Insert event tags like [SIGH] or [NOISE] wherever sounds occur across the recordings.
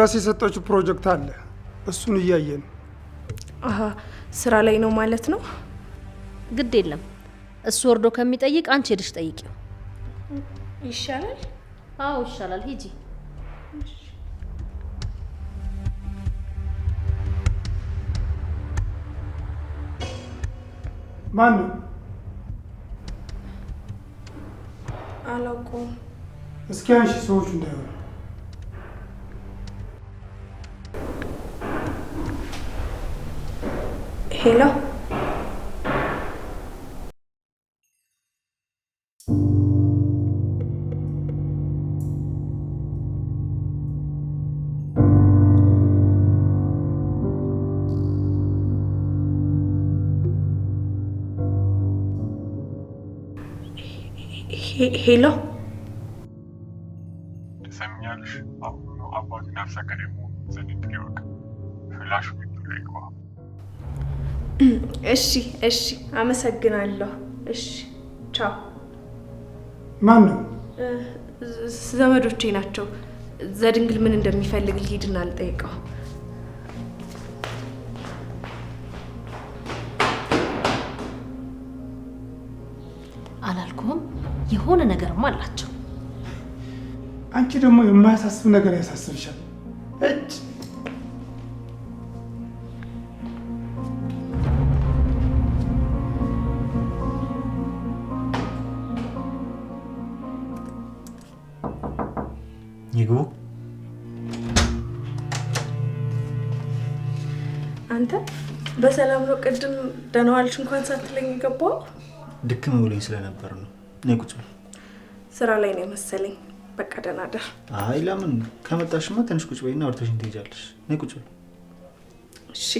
ለዳስ የሰጠችው ፕሮጀክት አለ። እሱን እያየን ስራ ላይ ነው ማለት ነው። ግድ የለም እሱ ወርዶ ከሚጠይቅ አንቺ ሄድሽ ጠይቂው ይሻላል። አዎ ይሻላል። ሂጂ ማን አላውቀውም። እስኪ አንሺ ሰዎች እንዳይሆነ ሄሎ ሄሎ ትሰሚኛለሽ? አባቴን አልሰገደም። ዘንድሮ ፍላሽ እሺ እሺ፣ አመሰግናለሁ። እሺ ቻው። ማን ነው? ዘመዶቼ ናቸው። ዘድንግል ምን እንደሚፈልግ ልሂድና አልጠይቀው። አላልኩም? የሆነ ነገርም አላቸው። አንቺ ደግሞ የማያሳስብ ነገር ያሳስብሻል። እጭ ይግቡ። አንተ በሰላም ነው? ቅድም ደህና ዋልሽ እንኳን ሳትለኝ የገባው ድክም ብሎኝ ስለነበር ነው። ነይ ቁጭ በል። ስራ ላይ ነው የመሰለኝ። በቃ ደህና ደር። አይ ለምን ከመጣሽማ ትንሽ ቁጭ በይና ወርተሽን ትሄጃለሽ። ነይ ቁጭ በል። እሺ።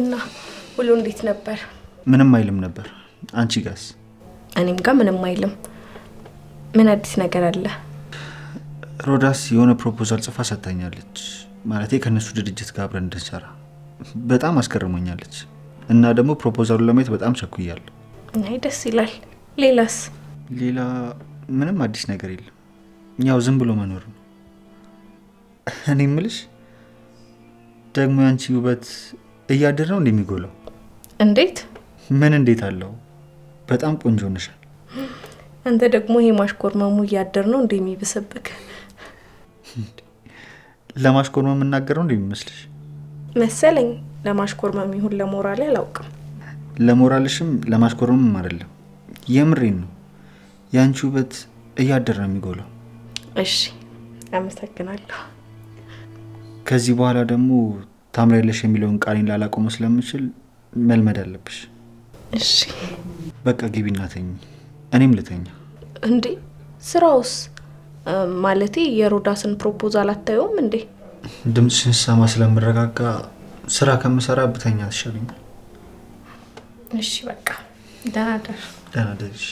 እና ሁሉ እንዴት ነበር? ምንም አይልም ነበር። አንቺ ጋስ? እኔም ጋር ምንም አይልም። ምን አዲስ ነገር አለ? ሮዳስ የሆነ ፕሮፖዛል ጽፋ ሰጥታኛለች። ማለቴ ከእነሱ ድርጅት ጋር አብረን እንድንሰራ በጣም አስገርሞኛለች እና ደግሞ ፕሮፖዛሉን ለማየት በጣም ቸኩያለሁ። አይ ደስ ይላል። ሌላስ? ሌላ ምንም አዲስ ነገር የለም። ያው ዝም ብሎ መኖር ነው። እኔ ምልሽ ደግሞ ያንቺ ውበት እያደር ነው እንደሚጎላው። እንዴት? ምን እንዴት አለው? በጣም ቆንጆ ነሻል። አንተ ደግሞ ይሄ ማሽኮርመሙ እያደር ነው እንደ የሚበሰብክ ለማሽኮርመም የምናገረው እንደ የሚመስልሽ መሰለኝ። ለማሽኮርመም ይሁን ለሞራሌ አላውቅም። ለሞራልሽም ለማሽኮርመም አይደለም፣ የምሬን ነው። የአንቺ ውበት እያደር ነው የሚጎለው። እሺ አመሰግናለሁ። ከዚህ በኋላ ደግሞ ታምሪያለሽ የሚለውን ቃሌን ላላቆመው ስለምችል መልመድ አለብሽ። እሺ በቃ ግቢ እናተኝ። እኔም ልተኛ እንዴ? ስራውስ ማለቴ የሮዳስን ፕሮፖዛል አታየውም እንዴ? ድምፅ ስሰማ ስለምረጋጋ ስራ ከምሰራ ብተኛ ትሻለኛል። እሺ በቃ ደህና ደር። ደህና ደርሽ።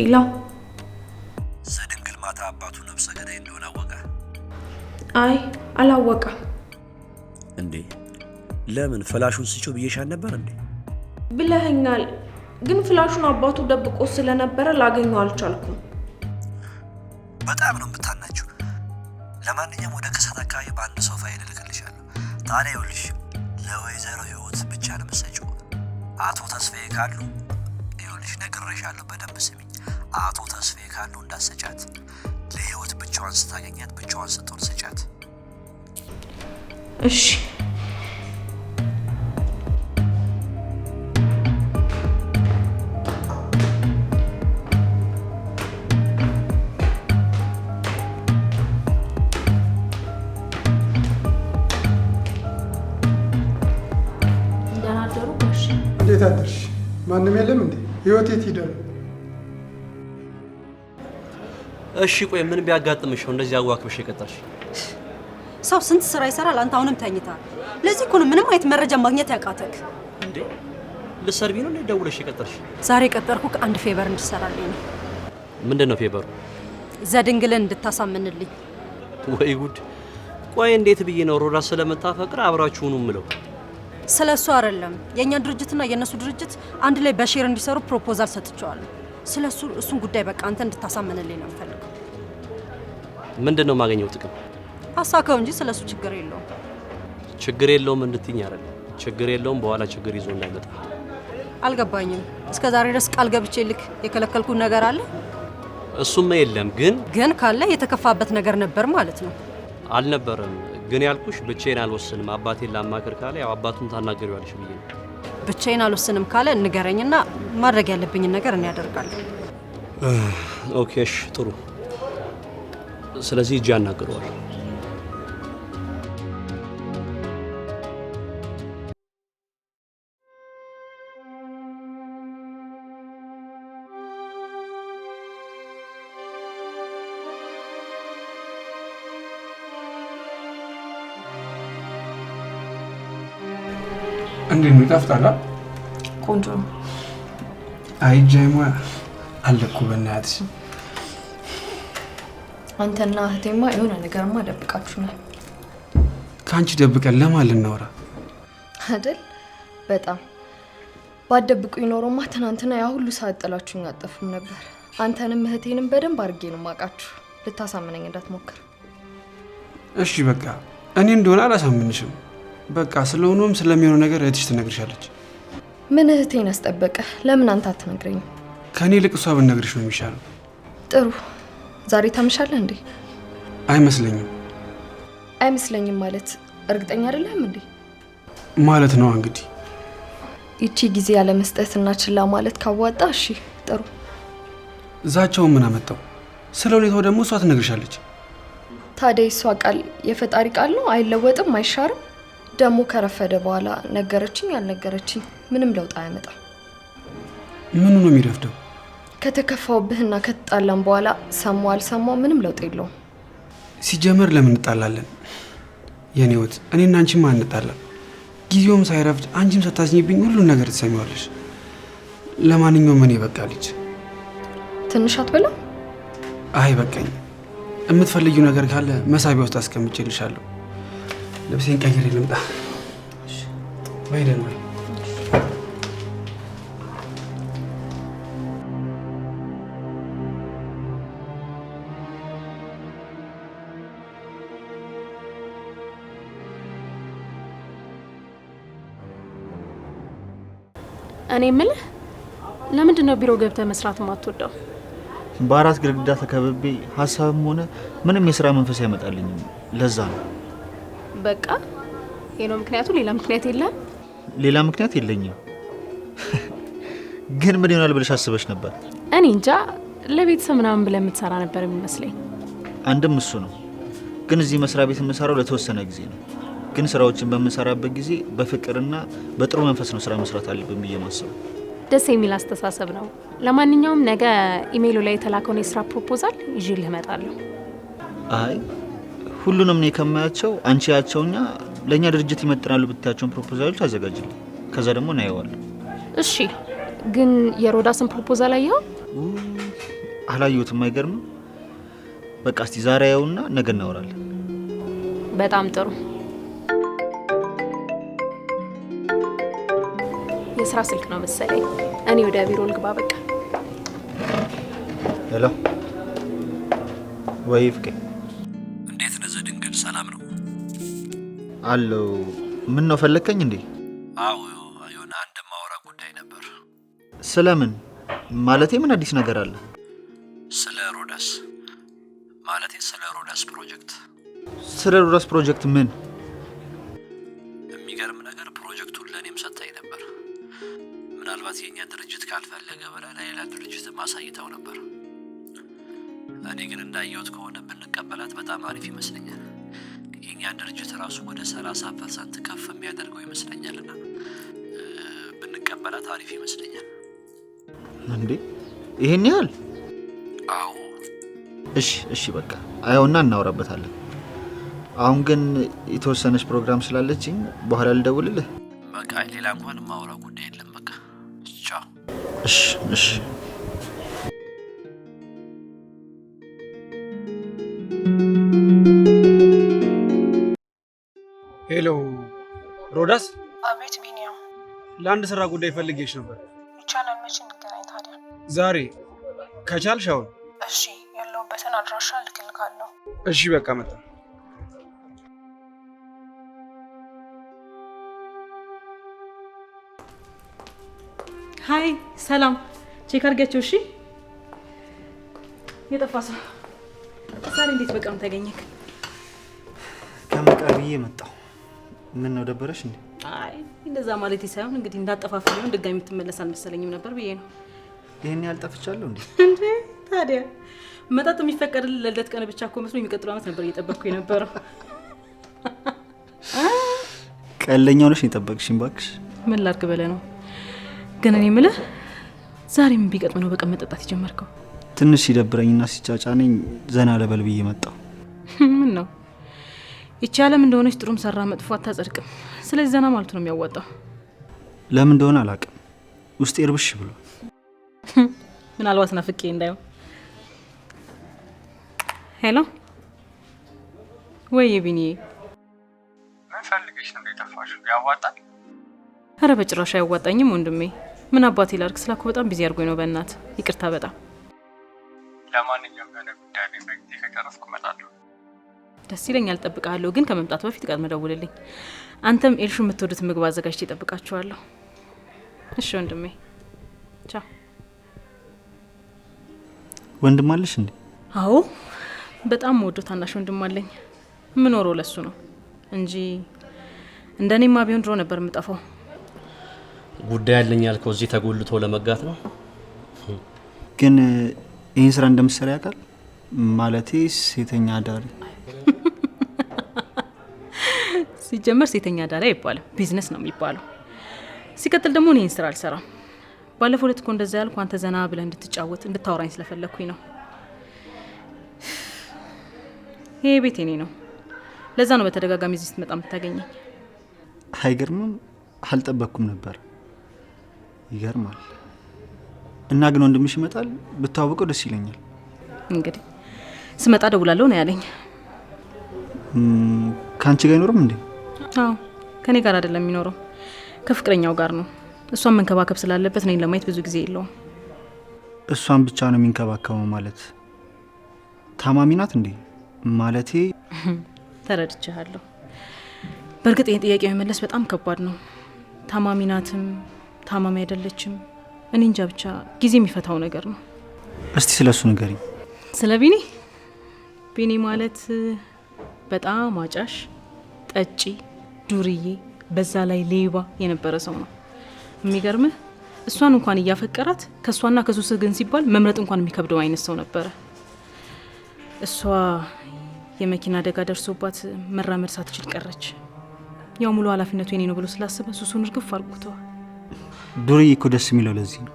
ሄላው ዘድንግል ማታ አባቱ ነብሰ ገዳይ እንደሆነ አወቀ? አይ አላወቀም። እንዴ ለምን ፍላሹን ስጪው ብዬሻል ነበር እንዴ? ብለኸኛል፣ ግን ፍላሹን አባቱ ደብቆ ስለነበረ ላገኘው አልቻልኩም። በጣም ነው የምታናቸው። ለማንኛውም ወደ ከሰት አካባቢ በአንድ ሰው ፋይል እልክልሻለሁ። ታዲያ ይኸውልሽ ለወይዘሮ ህይወት ብቻ ነው የምትሰጪው። አቶ ተስፋዬ ካሉ እንደምልሽ ነግሬሻለሁ። በደንብ ስሚኝ። አቶ ተስፋዬ ካሉ እንዳሰጫት ለህይወት ብቻዋን ስታገኛት ብቻዋን ስትሆን ስጫት። እሺ እንዴት አደርሽ? ማንም የለም እንዴ? ህይወት የት ሄደ እሺ ቆይ ምን ቢያጋጥምሽ ነው እንደዚህ አዋክብሽ የቀጠርሽ? ሰው ስንት ስራ ይሰራል። አንተ አሁንም ተኝታል። ለዚህ እኮ ነው ምንም አይነት መረጃ ማግኘት ያቃተክ። እንዴ ልትሰርቢ ነው እንዴ ደውለሽ የቀጠርሽ? ዛሬ የቀጠርኩህ አንድ ፌቨር እንድትሰራልኝ ነው። ምንድን ነው ፌቨሩ? ዘድንግልን እንድታሳምንልኝ። ወይ ጉድ! ቆይ እንዴት ብዬ ነው ሮዳ ስለምታፈቅር አብራችሁኑ ምለው ስለ እሱ አይደለም። የእኛ ድርጅትና የእነሱ ድርጅት አንድ ላይ በሼር እንዲሰሩ ፕሮፖዛል ሰጥቼዋለሁ። ስለ እሱ እሱን ጉዳይ በቃ አንተ እንድታሳምንልኝ ነው የምፈልገው። ምንድን ነው የማገኘው ጥቅም? አሳከው እንጂ ስለ እሱ ችግር የለውም። ችግር የለውም እንድትኝ አይደለም። ችግር የለውም በኋላ ችግር ይዞ እንዳይመጣ። አልገባኝም። እስከ ዛሬ ድረስ ቃል ገብቼ ልክ የከለከልኩ ነገር አለ? እሱም የለም። ግን ግን ካለ የተከፋበት ነገር ነበር ማለት ነው። አልነበረም ግን ያልኩሽ ብቻዬን አልወስንም አባቴን ላማክር ካለ ያው አባቱን ያለሽ ብዬ ነው። ብቻዬን አልወስንም ካለ ንገረኝና ማድረግ ያለብኝን ነገር እኔ አደርጋለሁ። ኦኬሽ፣ ጥሩ። ስለዚህ እጅ አናግረዋለሁ። እንዴት ነው ይጣፍጣል? ቆንጆ ነው። አይ ጀማ አለኩ በእናትሽ። አንተና እህቴማ የሆነ ነገርማ ነው። ከአንቺ ደብቀን ለማን ልናወራ አይደል? በጣም ባደብቁ ይኖሮማ ትናንትና ያ ሁሉ ሰዓት ጥላችሁኝ አጠፉም ነበር። አንተንም እህቴንም በደንብ አድርጌ ነው የማውቃችሁ። ልታሳምነኝ እንዳትሞክር እሺ። በቃ እኔ እንደሆነ አላሳምንሽም። በቃ ስለሆኑም ስለሚሆነው ነገር እህትሽ ትነግርሻለች። ምን እህቴን አስጠበቀ? ለምን አንተ አትነግረኝ? ከእኔ ይልቅ እሷ ብነግርሽ ነው የሚሻለው። ጥሩ። ዛሬ ታምሻለህ እንዴ? አይመስለኝም። አይመስለኝም ማለት እርግጠኛ አይደለም እንዴ? ማለት ነው እንግዲህ ይቺ ጊዜ ያለ መስጠትና ችላ ማለት ካዋጣ፣ እሺ ጥሩ። ዛቻውን ምን አመጣው? ስለ ሁኔታው ደግሞ እሷ ትነግርሻለች። ታዲያ እሷ ቃል የፈጣሪ ቃል ነው፣ አይለወጥም፣ አይሻርም። ደግሞ ከረፈደ በኋላ ነገረችኝ ያልነገረችኝ ምንም ለውጥ አያመጣም። ምኑ ነው የሚረፍደው? ከተከፋውብህና ከተጣላም በኋላ ሰማው አልሰማው ምንም ለውጥ የለውም። ሲጀመር ለምን እንጣላለን? የኔ ወት እኔና አንቺም አንጣላም። ጊዜውም ሳይረፍድ አንቺም ሳታዝኝብኝ ሁሉን ነገር ትሰሚዋለሽ። ለማንኛውም እኔ በቃ ልጅ ትንሽ አትበላ? አይ በቃኝ። የምትፈልጊው ነገር ካለ መሳቢያ ውስጥ አስቀምጬልሻለሁ። ልብሴን ቀይሬ ልምጣ። ወይደን ወይ እኔ የምልህ ለምንድን ነው ቢሮ ገብተህ መስራት የማትወደው? በአራት ግድግዳ ተከብቤ ሀሳብም ሆነ ምንም የስራ መንፈስ አይመጣልኝም። ለዛ ነው በቃ ይሄ ነው ምክንያቱ። ሌላ ምክንያት የለም። ሌላ ምክንያት የለኝም። ግን ምን ይሆናል ብለሽ አስበሽ ነበር? እኔ እንጃ። ለቤተሰብ ምናምን ብለህ የምትሰራ ነበር የሚመስለኝ። አንድም እሱ ነው። ግን እዚህ መስሪያ ቤት የምሰራው ለተወሰነ ጊዜ ነው። ግን ስራዎችን በምንሰራበት ጊዜ በፍቅርና በጥሩ መንፈስ ነው ስራ መስራት አለብን ብዬ ደስ የሚል አስተሳሰብ ነው። ለማንኛውም ነገ ኢሜይሉ ላይ የተላከውን የስራ ፕሮፖዛል ይዤ መጣለሁ። እመጣለሁ። አይ ሁሉንም እኔ ከማያቸው አንቺ ያቸውና ለእኛ ድርጅት ይመጥናሉ ብታያቸውን ፕሮፖዛሎች አዘጋጅል። ከዛ ደግሞ እናየዋለን። እሺ፣ ግን የሮዳስን ፕሮፖዛል አየኸው? አላየሁትም። አይገርምም። በቃ እስቲ ዛሬ ያውና ነገ እናወራለን። በጣም ጥሩ። የስራ ስልክ ነው መሰለኝ። እኔ ወደ ቢሮ ልግባ። በቃ ሄሎ፣ ወይ ፍቄ አለው። ምን ነው ፈለግከኝ እንዴ? አዎ የሆነ አንድ ማውራ ጉዳይ ነበር። ስለምን ማለቴ? ምን አዲስ ነገር አለ? ስለ ሮዳስ ማለቴ፣ ስለ ሮዳስ ፕሮጀክት። ስለ ሮዳስ ፕሮጀክት ምን? የሚገርም ነገር ፕሮጀክቱን ለእኔም ነበር። ምናልባት የእኛ ድርጅት ካልፈለገ ብላ ለሌላ ድርጅት ማሳይተው ነበር። እኔ ግን እንዳየሁት ከሆነ ብንቀበላት በጣም አሪፍ ይመስለኛል። ያ ድርጅት ራሱ ወደ ሰላሳ ፐርሰንት ከፍ የሚያደርገው ይመስለኛልና ብንቀበላት አሪፍ ይመስለኛል። እንዴ ይህን ያህል? አዎ። እሺ እሺ፣ በቃ አየውና እናውራበታለን። አሁን ግን የተወሰነች ፕሮግራም ስላለችኝ በኋላ ልደውልልህ። በቃ ሌላ እንኳን ማውራ ጉዳይ የለም። በቃ ቻው። እሺ እሺ። ሮዳስ። አቤት ቢኒያም። ለአንድ ስራ ጉዳይ ፈልጌሽ ነበር። ይቻላል። መቼ እንገናኝ ታዲያ? ዛሬ ከቻልሽ አሁን። እሺ፣ ያለሁበትን አድራሻ ልክልካለሁ። እሺ፣ በቃ መጣ። ሀይ፣ ሰላም። ቼክ አድርጊያቸው። እሺ። የጠፋ ሰው ዛሬ እንዴት በቃም ተገኘክ? ብዬ መጣሁ ምን ነው ደበረሽ እንዴ? አይ እንደዛ ማለት ሳይሆን እንግዲህ እንዳጠፋፍ ቢሆን ድጋሚ የምትመለስ አልመሰለኝም ነበር ብዬ ነው። ይሄን ያልጠፍቻለሁ እንዴ? [LAUGHS] እንዴ ታዲያ መጠጥ የሚፈቀድል ለልደት ቀን ብቻ እኮ መስሎ የሚቀጥለው አመት ነበር እየጠበቅኩ የነበረው። [LAUGHS] ቀለኛው ነሽ የጠበቅሽኝ። እባክሽ ምን ላድርግ በለ ነው። ግን እኔ የምልህ ዛሬም ምን ቢገጥም ነው በቀን መጠጣት የጀመርከው? ትንሽ ሲደብረኝና ሲጫጫነኝ ዘና ለበል ብዬ መጣሁ። [LAUGHS] ይቺ ዓለም እንደሆነች ጥሩም ሰራ መጥፎ አታጸድቅም። ስለዚህ ዘና ማለቱ ነው የሚያዋጣው። ለምን እንደሆነ አላቅም፣ ውስጤ እርብሽ ብሎ [LAUGHS] ምናልባት ናፍቄ እንዳየው። ሄሎ ወይ ቢኒ፣ ምን ፈልገሽ ነው የጠፋሽው? ያዋጣል? አረ በጭራሽ አያዋጣኝም ወንድሜ። ምን አባት ይላርክ ስላኩ በጣም ቢዚ አድርጎኝ ነው። በእናት ይቅርታ በጣም ደስ ይለኛል። ጠብቃለሁ፣ ግን ከመምጣቱ በፊት ቀድመህ ደውልልኝ። አንተም ኤልሹ የምትወዱት ምግብ አዘጋጅቼ እጠብቃችኋለሁ። እሺ ወንድሜ፣ ቻው። ወንድም አለሽ እንዴ? አዎ፣ በጣም ወዶ ታናሽ ወንድም አለኝ። የምኖረው ለሱ ነው እንጂ እንደ ቢሆን ድሮ ነበር የምጠፋው። ጉዳይ አለኝ ያልከው እዚህ ተጎልቶ ለመጋት ነው። ግን ይህን ስራ እንደምትሰራ ያውቃል? ማለቴ ሴተኛ አዳሪ ሲጀመር ሴተኛ አዳሪ አይባልም፣ ቢዝነስ ነው የሚባለው። ሲቀጥል ደግሞ እኔን ስራ አልሰራም። ባለፈው ዕለት እኮ እንደዛ ያልኩ አንተ ዘና ብለህ እንድትጫወት እንድታወራኝ ስለፈለግኩኝ ነው። ይሄ ቤት የኔ ነው። ለዛ ነው በተደጋጋሚ እዚህ ስትመጣ የምታገኘኝ። አይገርምም? አልጠበቅኩም ነበር። ይገርማል። እና ግን ወንድምሽ ይመጣል፣ ብታወቀው ደስ ይለኛል። እንግዲህ ስመጣ ደውላለሁ ነው ያለኝ። ከአንቺ ጋር አይኖርም እንዴ? አዎ ከኔ ጋር አይደለም የሚኖረው፣ ከፍቅረኛው ጋር ነው። እሷን መንከባከብ ስላለበት እኔን ለማየት ብዙ ጊዜ የለውም። እሷን ብቻ ነው የሚንከባከበው ማለት ታማሚ ናት እንዴ? ማለቴ [LAUGHS] ተረድቻለሁ። በእርግጥ ይህን ጥያቄ መመለስ በጣም ከባድ ነው። ታማሚ ናትም ታማሚ አይደለችም፣ እኔ እንጃ። ብቻ ጊዜ የሚፈታው ነገር ነው። እስቲ ስለ እሱ ንገሪ። ስለ ቢኒ። ቢኒ ማለት በጣም አጫሽ ጠጪ ዱርዬ፣ በዛ ላይ ሌባ የነበረ ሰው ነው። የሚገርምህ እሷን እንኳን እያፈቀራት ከእሷና ከሱስ ግን ሲባል መምረጥ እንኳን የሚከብደው አይነት ሰው ነበረ። እሷ የመኪና አደጋ ደርሶባት መራመድ ሳትችል ቀረች። ያው ሙሉ ኃላፊነቱ የኔ ነው ብሎ ስላሰበ ሱሱን እርግፍ አርጉተዋል። ዱርዬ እኮ ደስ የሚለው ለዚህ ነው።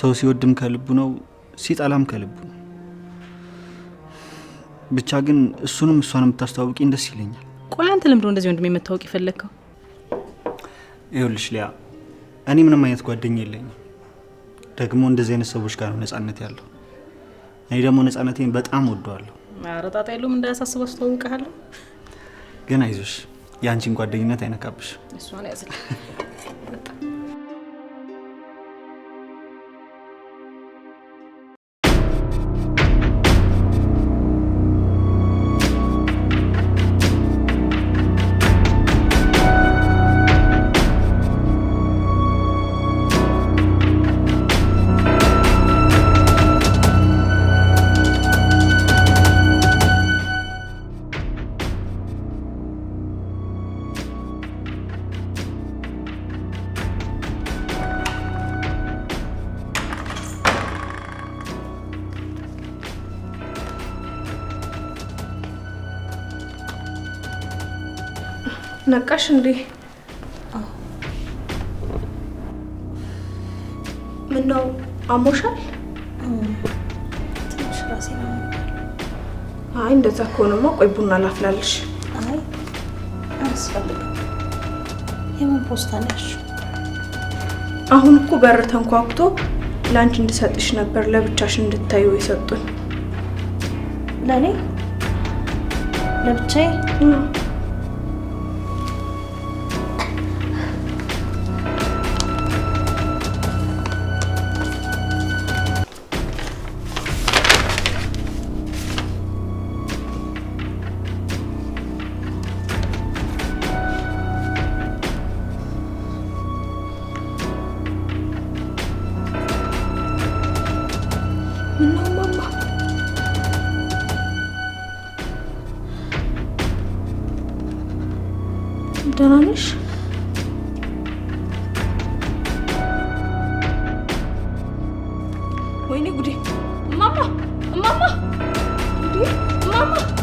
ሰው ሲወድም ከልቡ ነው፣ ሲጠላም ከልቡ ነው። ብቻ ግን እሱንም እሷን የምታስተዋውቂኝ ደስ ይለኛል። ቆይ አንተ ልምዶ እንደዚህ ወንድሜ መታወቅ የፈለግከው? ይኸውልሽ ሊያ፣ እኔ ምንም አይነት ጓደኛ የለኝም። ደግሞ እንደዚህ አይነት ሰዎች ጋር ነው ነጻነት ያለው። እኔ ደግሞ ነጻነቴን በጣም ወደዋለሁ። አረጣጣ ጣጣ የለውም፣ እንዳያሳስብ አስተዋውቅሃለሁ። ግን አይዞሽ፣ የአንቺን ጓደኝነት አይነካብሽ። እሷን ያዝል መጣሽ እንዴ? ምነው አሞሻል? ትንሽ ራሴ ነው። አይ እንደዛ ከሆነማ ቆይ ቡና ላፍላልሽ። አይ አያስፈልግም። የምን ፖስታ ነሽ? አሁን እኮ በር ተንኳኩቶ ለአንቺ እንድሰጥሽ ነበር ለብቻሽ እንድታዩ የሰጡኝ። ለእኔ ለብቻዬ Ini gede. Mama, mama, gede, mama.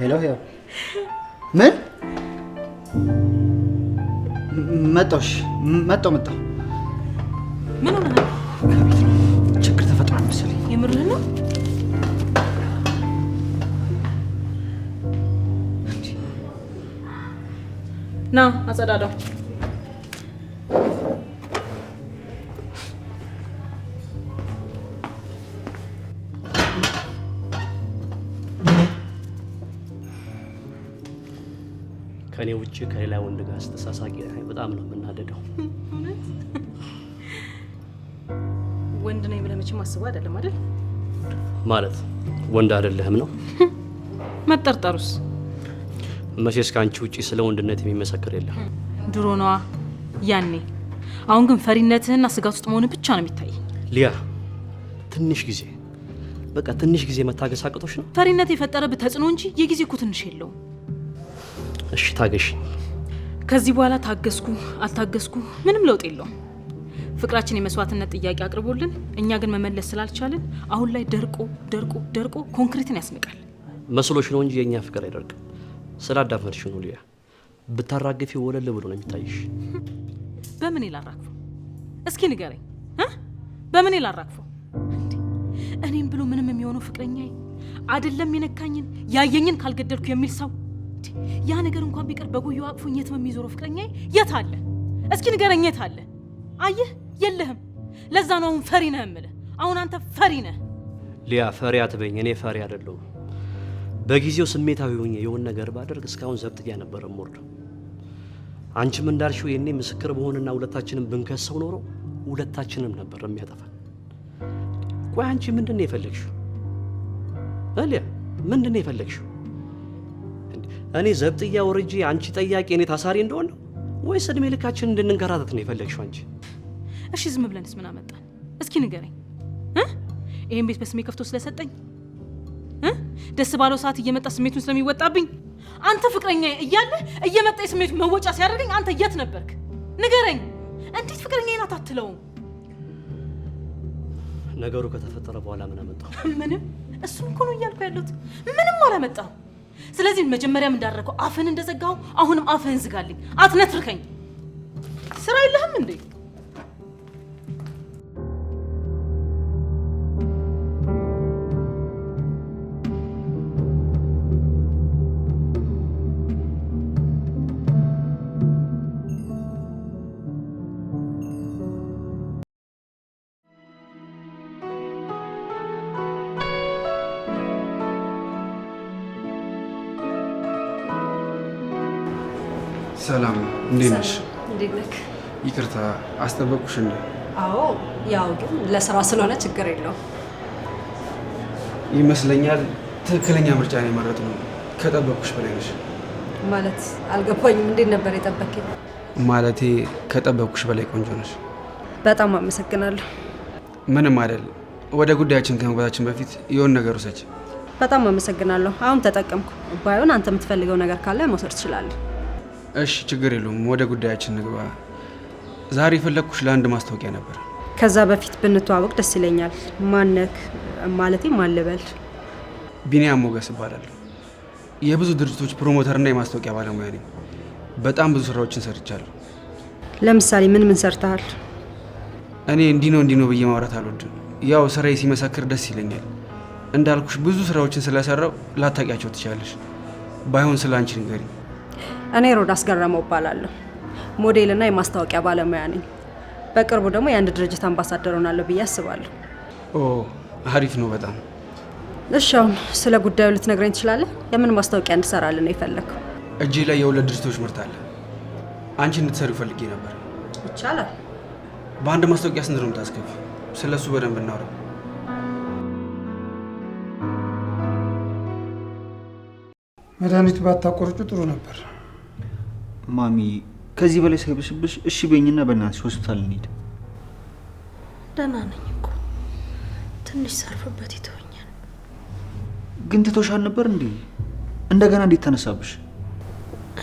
ሄሎ ሄሎ፣ ምን መጣሽ? መጣው መጣው። ምን ሆነ? ችግር ተፈጥሯል መሰለኝ። የምርህን ነው? ና አጸዳዳው እንደምታስበው አይደለም አይደል? ማለት ወንድ አይደለህም ነው? [LAUGHS] መጠርጠሩስ? መቼስ ከአንቺ ውጪ ስለ ወንድነት የሚመሰክር የለም። ድሮ ነዋ ያኔ። አሁን ግን ፈሪነትህና ስጋት ውስጥ መሆን ብቻ ነው የሚታይ። ሊያ ትንሽ ጊዜ በቃ ትንሽ ጊዜ መታገስ አቅቶሽ ነው? ፈሪነት የፈጠረብህ ተጽዕኖ እንጂ የጊዜ እኮ ትንሽ የለውም። እሺ ታገሽ። ከዚህ በኋላ ታገስኩ አልታገስኩ ምንም ለውጥ የለውም። ፍቅራችን የመስዋዕትነት ጥያቄ አቅርቦልን እኛ ግን መመለስ ስላልቻልን አሁን ላይ ደርቆ ደርቆ ደርቆ ኮንክሪትን ያስንቃል። መስሎሽ ነው እንጂ የእኛ ፍቅር አይደርቅም። ስላዳመጥሽ ነው ሊያ። ብታራግፊ ወለል ብሎ ነው የሚታይሽ። በምን ይላራክፎ? እስኪ ንገረኝ። በምን ላራግፈው? እኔም ብሎ ምንም የሚሆነው ፍቅረኛ አይደለም የነካኝን ያየኝን ካልገደልኩ የሚል ሰው ያ ነገር እንኳን ቢቀር በጉዮ አቅፎኝ የትም የሚዞረው ፍቅረኛ የት አለ? እስኪ ንገረኝ የት አለ? አየህ የለህም። ለዛ ነው አሁን ፈሪ ነህ እምልህ። አሁን አንተ ፈሪ ነህ። ሊያ ፈሪ አትበኝ። እኔ ፈሪ አይደለሁም። በጊዜው ስሜታዊ ሆኜ የሆነ ነገር ባደርግ እስካሁን ዘብጥያ ነበረ ሞርድ። አንቺም እንዳልሽው የእኔ ምስክር በሆንና ሁለታችንም ብንከሰው ኖሮ ሁለታችንም ነበር የሚያጠፋን። ቆይ አንቺ ምንድን ነው የፈለግሽው? ሊያ ምንድን ነው የፈለግሽው? እኔ ዘብጥያ ወርጄ አንቺ ጠያቂ እኔ ታሳሪ እንደሆነ ወይስ እድሜ ልካችን እንድንንከራተት ነው የፈለግሽው አንቺ? እሺ ዝም ብለንስ ምን አመጣን? እስኪ ንገረኝ። ይህን ቤት በስሜ ከፍቶ ስለሰጠኝ ደስ ባለው ሰዓት እየመጣ ስሜቱን ስለሚወጣብኝ አንተ ፍቅረኛ እያለ እየመጣ የስሜቱን መወጫ ሲያደርገኝ አንተ የት ነበርክ? ንገረኝ። እንዴት ፍቅረኛ ናት አታትለውም? ነገሩ ከተፈጠረ በኋላ ምን አመጣው? ምንም። እሱን እኮ ነው እያልኩ ያለሁት። ምንም አላመጣው። ስለዚህ መጀመሪያም እንዳደረገው አፍህን እንደዘጋው አሁንም አፍህን ዝጋልኝ። አትነትርከኝ። ስራ የለህም እንዴ? እንዴት ነሽ? እንዴት ነህ? ይቅርታ አስጠበቅኩሽ እንዴ? አዎ፣ ያው ግን ለስራ ስለሆነ ችግር የለው ይመስለኛል። ትክክለኛ ምርጫ ነው የመረጥነው። ከጠበቅኩሽ በላይ ነሽ። ማለት አልገባኝም። እንዴት ነበር የጠበቅኝ? ማለቴ ከጠበቅኩሽ በላይ ቆንጆ ነች። በጣም አመሰግናለሁ። ምንም አይደል። ወደ ጉዳያችን ከመግባታችን በፊት የሆን ነገር ውሰች። በጣም አመሰግናለሁ። አሁን ተጠቀምኩ። ባይሆን አንተ የምትፈልገው ነገር ካለ መውሰድ ትችላለህ። እሺ ችግር የለውም። ወደ ጉዳያችን ንግባ። ዛሬ የፈለግኩሽ ለአንድ ማስታወቂያ ነበር። ከዛ በፊት ብንተዋወቅ ደስ ይለኛል። ማነክ ማለቴ ማለበል? ቢኒያም ሞገስ እባላለሁ። የብዙ ድርጅቶች ፕሮሞተርና የማስታወቂያ ባለሙያ ነኝ። በጣም ብዙ ስራዎችን ሰርቻለሁ። ለምሳሌ ምን ምን ሰርተሃል? እኔ እንዲህ ነው እንዲህ ነው ብዬ ማውራት አልወድም። ያው ስራዬ ሲመሰክር ደስ ይለኛል። እንዳልኩሽ ብዙ ስራዎችን ስለሰራው ላታውቂያቸው ትቻለሽ ባይሆን ስለ አንቺ ንገሪኝ። እኔ ሮድ አስገረመው እባላለሁ። ሞዴልና የማስታወቂያ ባለሙያ ነኝ። በቅርቡ ደግሞ የአንድ ድርጅት አምባሳደር ሆናለሁ ብዬ አስባለሁ። ኦ አሪፍ ነው በጣም። እሺ አሁን ስለ ጉዳዩ ልትነግረኝ ትችላለህ? የምን ማስታወቂያ እንድሰራልን ነው የፈለግኩ? እጄ ላይ የሁለት ድርጅቶች ምርት አለ። አንቺ እንድትሰሪ ይፈልጌ ነበር። ይቻላል። በአንድ ማስታወቂያ ስንት ነው የምታስከፊ? ስለ እሱ በደንብ እናውራ። መድኃኒት ባታቆርጩ ጥሩ ነበር። ማሚ ከዚህ በላይ ሳይበስብሽ እሺ በይኝና በእናትሽ ሆስፒታል እንሂድ። ደህና ነኝ እኮ ትንሽ ሳርፍበት ይተወኛል። ግን ትቶሻል ነበር እንዴ? እንደገና እንዴት ተነሳብሽ?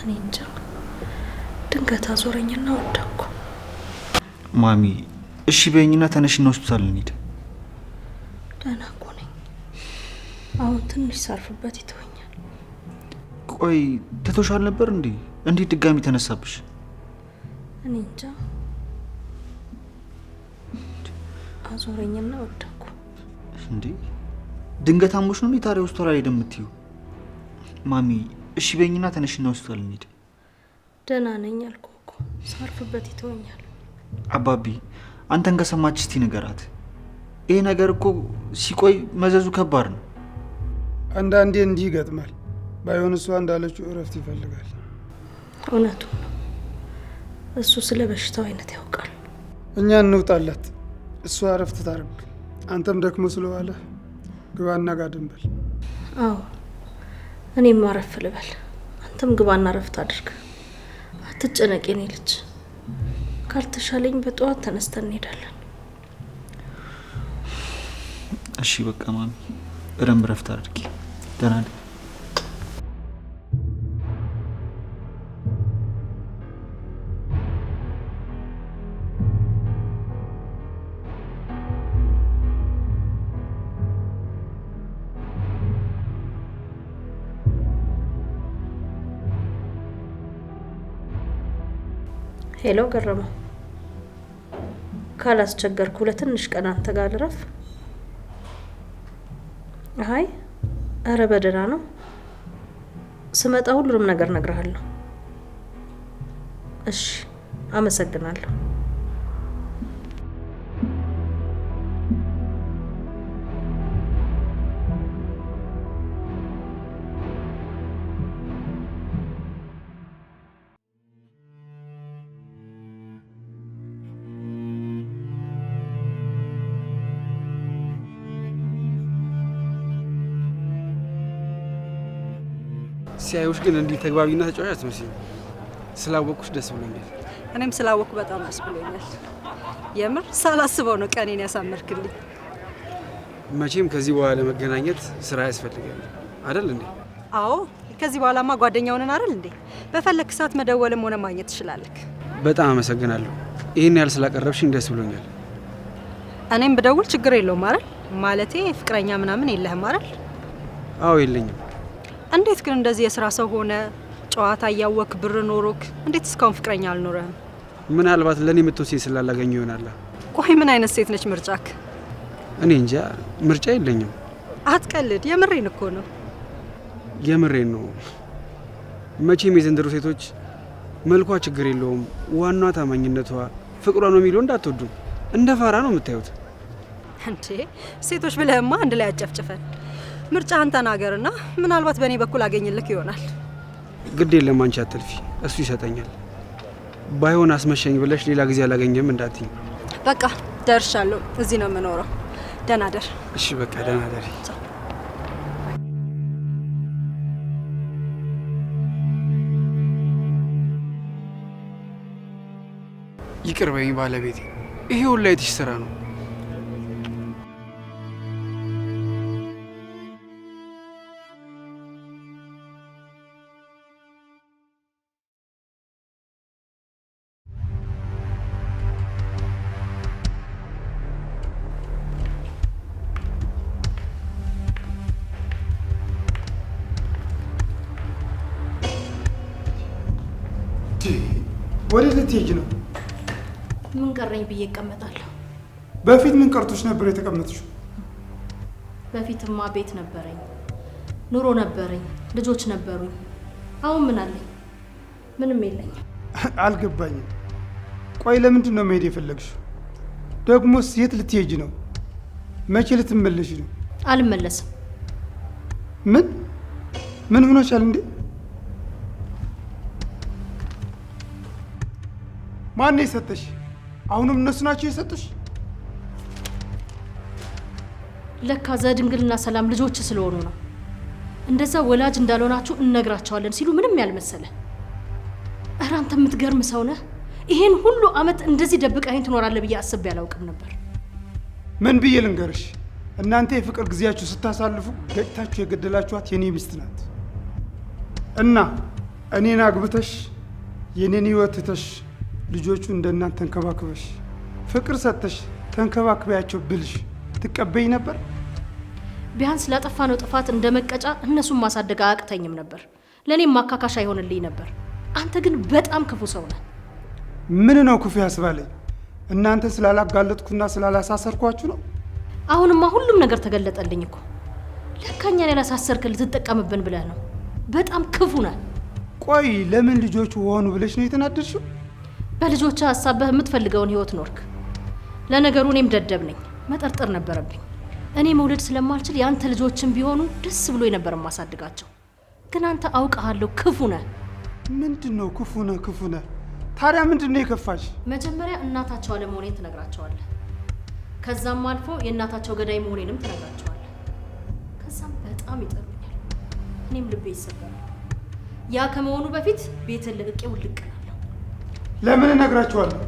እኔ እንጃ ድንገት አዞረኝና ወደኩ። ማሚ እሺ በይኝና ተነሽና ሆስፒታል እንሂድ። ደህና እኮ ነኝ። አሁን ትንሽ ሳርፍበት ይተወኛል። ቆይ ትቶሻል ነበር እንዴ? እንዴት ድጋሚ ተነሳብሽ? እኔ እንጃ። አዞረኝና ወደኩ። እንዴ ድንገት አሞሽ ነው ታዲያ ሆስፒታል አልሄድም የምትይው? ማሚ እሺ በይኝና ተነሽና ሆስፒታል እንሂድ። ደህና ነኝ አልኩ እኮ ሳርፍበት ይተወኛል። አባቢ አንተን ከሰማች እስቲ ንገራት። ይህ ነገር እኮ ሲቆይ መዘዙ ከባድ ነው። አንዳንዴ እንዲህ ይገጥማል። ባይሆን እሷ እንዳለችው እረፍት ይፈልጋል። እውነቱ ነው። እሱ ስለ በሽታው አይነት ያውቃል። እኛ እንውጣላት፣ እሷ እረፍት ታርግ። አንተም ደክሞ ስለዋለ ግባና ጋደም በል። አዎ እኔም አረፍ ልበል። አንተም ግባና እረፍት አድርግ። አትጨነቂ የኔ ልጅ። ካልተሻለኝ በጠዋት ተነስተን እንሄዳለን። እሺ በቃ ማሚ፣ በደንብ እረፍት አድርጊ። ደህና ነኝ። ሄሎ ገረመው፣ ካላስቸገርኩ ለትንሽ ቀን አንተ ጋር ልረፍ። አይ እረ በደህና ነው። ስመጣ ሁሉንም ነገር ነግረሃለሁ። እሺ፣ አመሰግናለሁ። ሲያዩሽ ግን እንዲህ ተግባቢና ተጫዋች አትመስይም። ስላወቅኩሽ ደስ ብሎኛል። እኔም ስላወቅኩ በጣም ደስ ብሎኛል። የምር ሳላስበው ነው ቀኔን ያሳመርክልኝ። መቼም ከዚህ በኋላ መገናኘት ስራ ያስፈልጋል አይደል እንዴ? አዎ ከዚህ በኋላማ ጓደኛውንን አይደል እንዴ? በፈለክ ሰዓት መደወልም ሆነ ማግኘት ትችላለህ። በጣም አመሰግናለሁ። ይህን ያህል ስላቀረብሽኝ ደስ ብሎኛል። እኔም ብደውል ችግር የለውም አይደል? ማለቴ ፍቅረኛ ምናምን የለህም አይደል? አዎ የለኝም። እንዴት ግን እንደዚህ የስራ ሰው ሆነ ጨዋታ እያወክ ብር ኖሮክ እንዴት እስካሁን ፍቅረኛ አልኖረህም? ምናልባት ለእኔ ሴት ስላላገኘ ይሆናል። ቆይ ምን አይነት ሴት ነች ምርጫክ? እኔ እንጃ ምርጫ የለኝም። አትቀልድ፣ የምሬን እኮ ነው። የምሬን ነው። መቼም የዘንድሮ ሴቶች መልኳ ችግር የለውም፣ ዋናዋ ታማኝነቷ ፍቅሯ ነው የሚለው እንዳትወዱ፣ እንደ ፋራ ነው የምታዩት። እንዴ ሴቶች ብለህማ አንድ ላይ አጨፍጭፈን ምርጫህን ተናገርና ምናልባት በእኔ በኩል አገኝልክ ይሆናል። ግድ የለም አንቺ አትልፊ፣ እሱ ይሰጠኛል። ባይሆን አስመሸኝ ብለሽ ሌላ ጊዜ አላገኘም እንዳትኝ። በቃ ደርሻለሁ፣ እዚህ ነው የምኖረው። ደህና ደር። እሺ በቃ ደህና ደር። ይቅር በይኝ ባለቤቴ፣ ይሄ ሁላ የትሽ ስራ ነው ወዴት ልትሄጂ ነው? ምን ቀረኝ ብዬ እቀመጣለሁ። በፊት ምን ቀርቶች ነበር የተቀመጥሽው? በፊትማ ቤት ነበረኝ፣ ኑሮ ነበረኝ፣ ልጆች ነበሩኝ። አሁን ምን አለኝ? ምንም የለኝም። [LAUGHS] አልገባኝም። ቆይ ለምንድን ነው መሄድ የፈለግሽው? ደግሞስ የት ልትሄጂ ነው? መቼ ልትመለሽ ነው? አልመለስም። ምን ምን ሆነሻል እንዴ? ማን የሰጠሽ? አሁንም እነሱ ናቸው የሰጡሽ? ለካ ዘድንግልና ሰላም ልጆች ስለሆኑ ነው። እንደዛ ወላጅ እንዳልሆናችሁ እነግራቸዋለን ሲሉ ምንም ያልመሰለ። እረ አንተ የምትገርም ሰው ነህ። ይሄን ሁሉ አመት እንደዚህ ደብቀኸኝ ትኖራለህ ብዬ አስቤ አላውቅም ነበር። ምን ብዬ ልንገርሽ? እናንተ የፍቅር ጊዜያችሁ ስታሳልፉ ገጭታችሁ የገደላችኋት የኔ ሚስት ናት እና እኔን አግብተሽ የኔን ህይወት ትተሽ ልጆቹ እንደ ተንከባክበሽ ፍቅር ሰጥተሽ ተንከባክቢያቸው ብልሽ ትቀበይ ነበር? ቢያንስ ላጠፋ ነው ጥፋት እንደ መቀጫ እነሱን ማሳደግ አያቅተኝም ነበር። ለእኔም ማካካሻ አይሆንልኝ ነበር። አንተ ግን በጣም ክፉ ሰው ነህ። ምን ነው ክፉ ያስባለኝ? እናንተ ስላላጋለጥኩና ስላላሳሰርኳችሁ ነው። አሁንማ ሁሉም ነገር ተገለጠልኝ እኮ። ለካ እኛን ያላሳሰርክ ልትጠቀምብን ብለህ ነው። በጣም ክፉ ነህ። ቆይ ለምን ልጆቹ ሆኑ ብለሽ ነው የተናደድሽው? በልጆች ሀሳብህ የምትፈልገውን ህይወት ኖርክ። ለነገሩ እኔም ደደብ ነኝ፣ መጠርጠር ነበረብኝ። እኔ መውለድ ስለማልችል የአንተ ልጆችን ቢሆኑ ደስ ብሎ የነበር የማሳድጋቸው። ግን አንተ አውቀሃለሁ ክፉ ነህ። ምንድን ነው ክፉ ነህ? ክፉ ነህ ታዲያ ምንድን ነው የከፋሽ? መጀመሪያ እናታቸው አለመሆኔን ትነግራቸዋለህ። ከዛም አልፎ የእናታቸው ገዳይ መሆኔንም ትነግራቸዋለህ። ከዛም በጣም ይጠሉኛል፣ እኔም ልቤ ይሰበራል። ያ ከመሆኑ በፊት ቤትን ልቅቄ ውልቅ ለምን እነግራችኋለሁ